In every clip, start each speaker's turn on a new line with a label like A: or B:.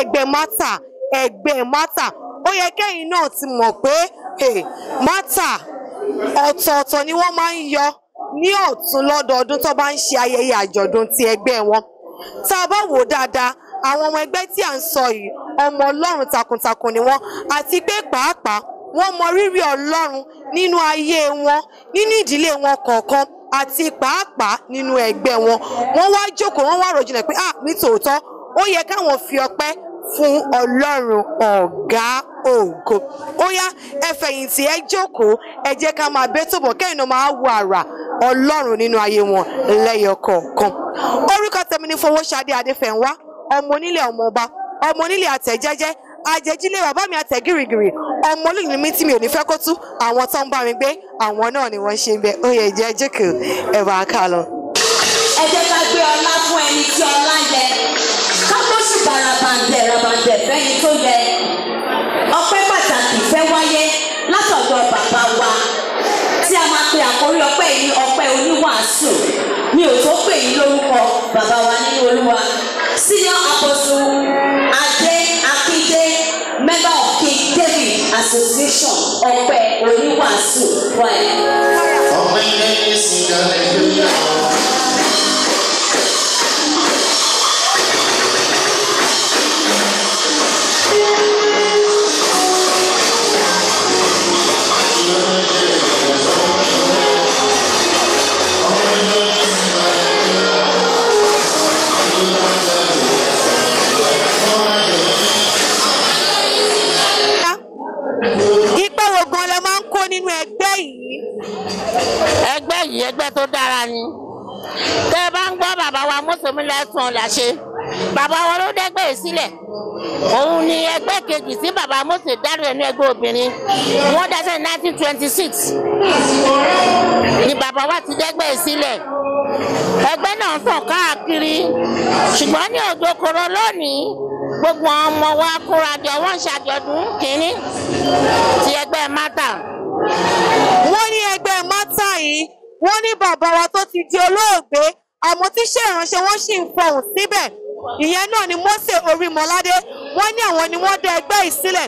A: ẹgbẹ́ mátà ẹgbẹ́ mátà ó yẹ kẹ́yìn náà ti mọ̀ pé eh, mátà ọ̀tọ̀ọ̀tọ̀ ni wọ́n máa ń yọ ní ọ̀tún lọ́dọọdún tó bá ń ṣe ayẹyẹ àjọ̀dún ti ẹgbẹ́ wọn tá a bá wò dáadáa àwọn ọmọ ẹgbẹ́ tí à ń sọ yìí ọmọ ọlọ́run takuntakun ni wọ́n àti pé pàápàá wọ́n mọ rírì ọlọ́run nínú ayé wọn nínú ìdílé wọn kọ̀ọ̀kan àti pàápàá nínú ẹgbẹ́ wọn wọ́n wá jókòó wọ́n wá ròjìnà pé ah mi tòótọ́ ó yẹ káwọn fi ọpẹ́ fún ọlọ́run ọ̀gá ògo ó yá ẹ ẹ jókòó ẹ jẹ́ ká máa bẹ́ tòbọ̀ kẹ́yìn náà máa wo àrà ọlọ́run nínú ayé wọn lẹ́yọ orúkọ tèmi ni Fowóṣadé Adéfẹ̀nwá ọmọ onílẹ̀ ọmọ ọmọ onílẹ̀ àtẹ̀jẹ́jẹ́ ajẹjílé bàbá mi àtẹ gírígírí ọmọ olóyìn mi tí mi ò ní fẹ́ kó tú àwọn tó ń bá mi gbé àwọn náà ni wọ́n ṣe ń bẹ ó yẹ jẹ́ jókòó ẹ bá a kà lọ.
B: ẹ jẹ́ ká gbé ọlá
A: orí ọpẹ́ yìí ọpẹ́ oníwàásù mi ò tó pè yín lórúkọ bàbá wa nínú olúwa senior apostle adé
B: akíndé member of king david association ọpẹ́ oníwàásù wáyé. ọpẹ́ ilé ìsìnkà ẹgbẹ́ yàrá.
A: ẹgbẹ́ tó dára ni
B: tẹ́ ẹ bá ń gbọ́ bàbá wa mùsùlùmí lẹ́sùn làṣẹ bàbá wa ló dẹ́gbẹ́ sílẹ̀ òun ni ẹgbẹ́ kejì sí bàbá mọ́sẹ̀ dáre ní ẹgbẹ́ obìnrin wọ́n dáṣẹ́ nineteen twenty six ni bàbá wa ti dẹ́gbẹ́ sílẹ̀ ẹgbẹ́ náà sàn káàkiri ṣùgbọ́n ní òjò koro lónìí gbogbo ọmọ wa kóra jọ wọ́n ń ṣàjọdún kínní ti ẹgbẹ́ mata.
A: wọ́n ní ẹgbẹ́ mata yìí wọ́n ní bàbá wa tó ti di olóògbé àmọ́ tíṣẹ́ ìránṣẹ́ wọn sì ń fọhùn síbẹ̀ ìyẹn náà ni Mósè Orímọládé wọ́n ní àwọn ni wọ́n dá ẹgbẹ́ yìí sílẹ̀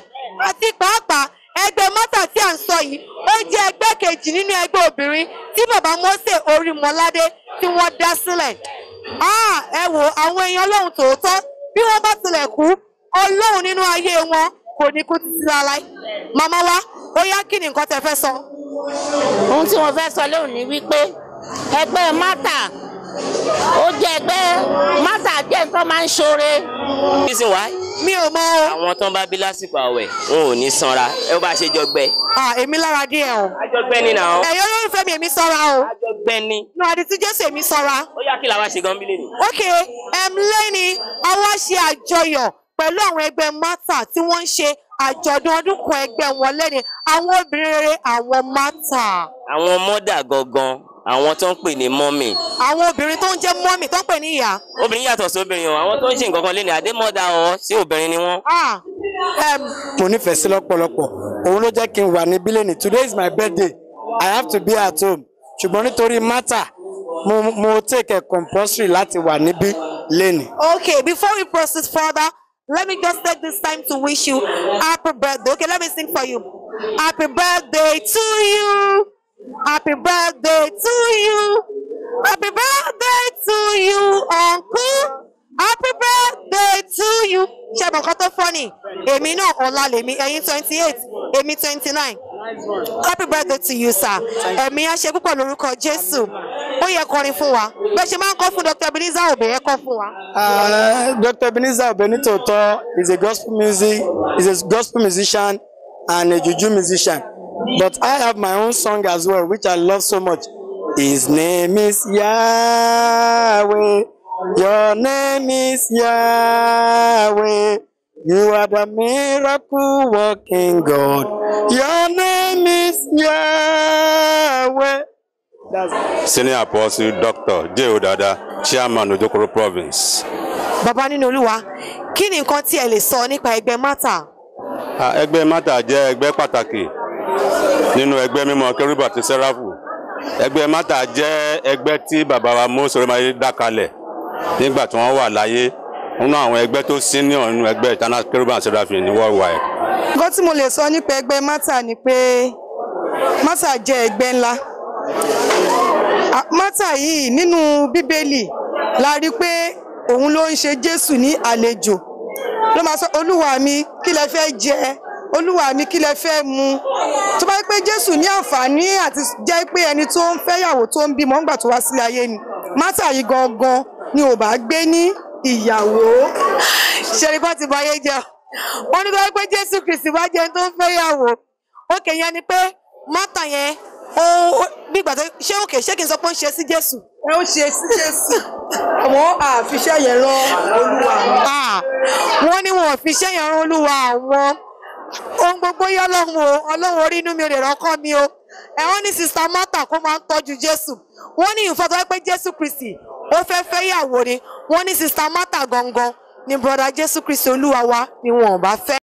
A: àti pàápàá ẹgbẹ́ mọ́tà tí à ń sọ yìí ó jẹ́ ẹgbẹ́ kejì nínú ẹgbẹ́ obìnrin tí bàbá Mósè Orímọládé tí wọ́n dá sílẹ̀ ẹ wò àwọn èèyàn lóhun tòótọ́ bí wọ́n bá tilẹ̀ kú Ọlọ́run nínú ayé wọn kò ní kú títí láláì màmá wa ó yá kí ni nǹkan tẹ́
B: fẹ́ sọ ohun tí mo fẹ́ sọ lónìí wípé ẹgbẹ́ mátà ó jẹ́ ẹgbẹ́ mátà jẹ́ nǹkan máa ń ṣoore. reason why. mi ò mọ. àwọn tó bá bí lásìkò àwẹ̀ wọn ò ní sanra ẹ bá ṣe jọ èmi lára díẹ̀ o.
A: àjọgbẹ́ ni náà. ẹ̀yọ́ olólùfẹ́ mi èmi sanra o. àjọgbẹ́ ni. nù àdìtú jésù èmi sanra.
B: ó yá kí làwa ṣe gan bílẹ̀ ni.
A: ok ẹm lẹ́ni àwa ṣe àjọyọ̀ pẹ̀lú àwọn ẹgbẹ́ mátà tí wọ́n ń ṣe àjọ̀dún ọdún kan ẹgbẹ́ wọn lẹ́ni àwọn obìnrin rere àwọn mátà.
B: àwọn mọ́dà gangan àwọn tó ń pè ní mọ́mì.
A: àwọn obìnrin tó ń jẹ́ mọ́mì tó ń pè ní ìyá.
B: obìnrin yàtọ̀ sí obìnrin o àwọn tó ń ṣe nǹkan kan lé ní àdémọ́dà ọ sí obìnrin ni wọ́n.
A: mo nífẹ̀ẹ́ sí lọ́pọ̀lọpọ̀ òun ló jẹ́ kí n wà ní bílẹ̀nì today is my birthday I have to be at home ṣùgbọ́n nítorí mátà mo mo take a compulsory láti wà níbí lẹ́nì. okay before we proceed further Let me just take this time to wish you happy birthday. Okay, let me sing for you. Happy birthday to you. Happy birthday to you. Happy birthday to you, uncle. Happy birthday to you. Ṣé funny? Èmi no ọ̀la lèmi ẹ̀yin twenty eight, èmi twenty nine. Happy birthday to you, sir. Ẹ̀mí á ṣe púpọ̀ lórúkọ Jésù. yẹ kọrin fún wa bẹ́ẹ̀ ṣe máa ń kọ́ fún Dr. Ebenezer Obey ẹ kọ́ fún wa. Uh, Dr. Ebenezer Obey nítòótọ́ is a gospel music is a gospel musician and a juju musician but I have my own song as well which I love so much his name is Yahweh your name is Yahweh.
B: You are the miracle working God.
A: Your name is Yahweh.
B: Senior Apostle Dr. J.O. Dada, Chairman Ojokoro Province.
A: Bàbá nínú Olúwa, kí ni nǹkan tí ẹ lè sọ nípa ẹgbẹ́ MATA?
B: Ẹgbẹ́ MATA jẹ́ ẹgbẹ́ pàtàkì nínú ẹgbẹ́ mímọ́ Kérúbù àti Sẹ́ráfù. Ẹgbẹ́ MATA jẹ́ ẹgbẹ́ tí Baba wa mú Sọ̀rọ̀máyé dá kalẹ̀ nígbà tí wọ́n wà láyé nínú àwọn ẹgbẹ́ tó sí ní ọ̀nù ẹgbẹ́ ìtànà Kérúbù àti Sẹ́ráfù ní worldwide.
A: Nǹkan tí mo lè sọ nípa ẹgbẹ́ MATA ni pé MATA jẹ́ ẹgbẹ́ ńlá mátà yìí nínú bíbélì la rí pé òun ló ń ṣe jésù ní àlejò ló máa sọ olúwa mi kí lẹ fẹ́ jẹ olúwa mi kí lẹ fẹ́ mu tó bá pé jésù ní àǹfààní àti jẹ́ pé ẹni tó ń fẹ́yàwó tó ń bímọ ńgbà tó wá sílé ayé ni mátà yìí gangan ni ò bá gbé ní ìyàwó ṣẹlẹ bá ti bá ayé jẹ wọn ní bá pé jésù kìrìsì wá jẹ tó ń fẹ́yàwó ó kè yẹn ni pé mátà yẹn ohun bí ìgbà tó ṣé òkè ṣé kí n sọ pé ó ń ṣe sí jésù. ẹ ó ṣe sí jésù àwọn àfiṣẹ́ yẹn rán olúwa. wọ́n ní wọn ò fiṣẹ́ yẹn rán olúwa àwọn ohun gbogbo yẹ ọlọ́run o ọlọ́run orí inú mi rè rọ́kàn mi o ẹ wọ́n ní sista Martha kó máa ń tọ́jú jésù wọ́n ní ìfọ́tọ́ pé jésù kristi ó fẹ́ fẹ́ yàwó ni wọ́n ní sista Martha gangan ni broda jésù kristi olúwa wa ni wọn ò bá fẹ́.